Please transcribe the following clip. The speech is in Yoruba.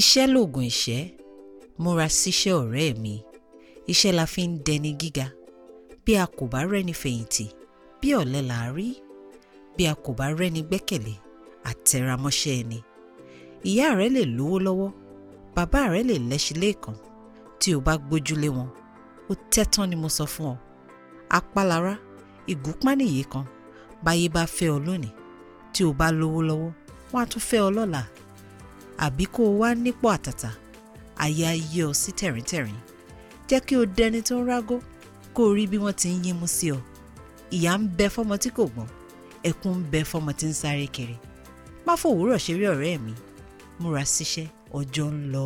iṣẹ́ lògùn ìṣẹ́ múra síṣẹ́ ọ̀rẹ́ mi iṣẹ́ la fi ń dẹni gíga bí a kò bá rẹ́ni fẹ̀yìntì bí ọ̀lẹ là á rí bí a kò bá rẹ́ni gbẹ́kẹ̀lé àtẹramọ́ṣẹ́ ẹni ìyá rẹ lè lówó lọ́wọ́ bàbá rẹ lè lẹ́ṣin lẹ́ẹ̀kan tí o bá gbójúlé wọn ó tẹ́tán ni mo sọ fún ọ apálára ìgúnpánìyé kan báyé bá fẹ́ ọ lónìí tí o bá lówó lọ́wọ́ wọ́n á tún fẹ́ ọ lọ́la àbí kó o wà nípò àtàtà àyà yẹ ọ sí tẹ̀ríntẹ̀rín jẹ́ kí o dẹni tó ń rágó kó o rí bí wọ́n ti ń yínmú sí ọ ìyà ń bẹ fọmọ tí kò gbọ́n ẹkún ń bẹ fọmọ tí ń sáré kiri má fòwúrọ̀ ṣeré ọ̀rẹ́ mi múra síṣẹ́ ọjọ́ ń lọ.